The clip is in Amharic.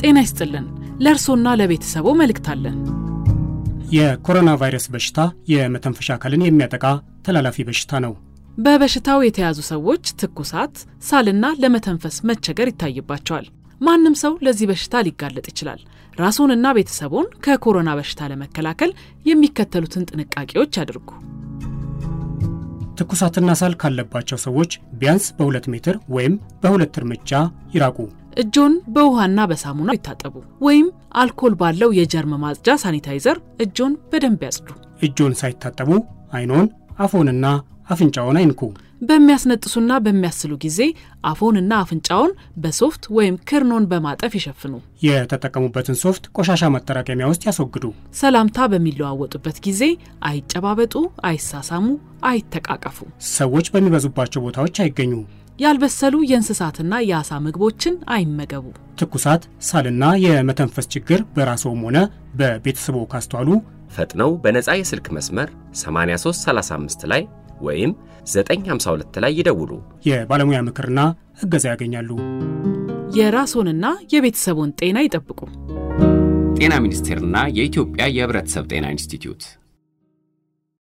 ጤና ይስጥልን። ለእርሶና ለቤተሰቦ መልእክት አለን። የኮሮና ቫይረስ በሽታ የመተንፈሻ አካልን የሚያጠቃ ተላላፊ በሽታ ነው። በበሽታው የተያዙ ሰዎች ትኩሳት፣ ሳልና ለመተንፈስ መቸገር ይታይባቸዋል። ማንም ሰው ለዚህ በሽታ ሊጋለጥ ይችላል። ራስዎንና ቤተሰቦን ከኮሮና በሽታ ለመከላከል የሚከተሉትን ጥንቃቄዎች አድርጉ። ትኩሳትና ሳል ካለባቸው ሰዎች ቢያንስ በሁለት ሜትር ወይም በሁለት እርምጃ ይራቁ። እጆን በውሃና በሳሙና ይታጠቡ፣ ወይም አልኮል ባለው የጀርም ማጽጃ ሳኒታይዘር እጆን በደንብ ያጽዱ። እጆን ሳይታጠቡ አይኖን፣ አፎንና አፍንጫውን አይንኩ። በሚያስነጥሱና በሚያስሉ ጊዜ አፎንና አፍንጫውን በሶፍት ወይም ክርኖን በማጠፍ ይሸፍኑ። የተጠቀሙበትን ሶፍት ቆሻሻ መጠራቀሚያ ውስጥ ያስወግዱ። ሰላምታ በሚለዋወጡበት ጊዜ አይጨባበጡ፣ አይሳሳሙ፣ አይተቃቀፉ። ሰዎች በሚበዙባቸው ቦታዎች አይገኙ። ያልበሰሉ የእንስሳትና የአሳ ምግቦችን አይመገቡ። ትኩሳት፣ ሳልና የመተንፈስ ችግር በራስዎም ሆነ በቤተሰቦ ካስተዋሉ ፈጥነው በነፃ የስልክ መስመር 8335 ላይ ወይም 952 ላይ ይደውሉ። የባለሙያ ምክርና እገዛ ያገኛሉ። የራስዎንና የቤተሰቦን ጤና ይጠብቁ። ጤና ሚኒስቴርና የኢትዮጵያ የሕብረተሰብ ጤና ኢንስቲትዩት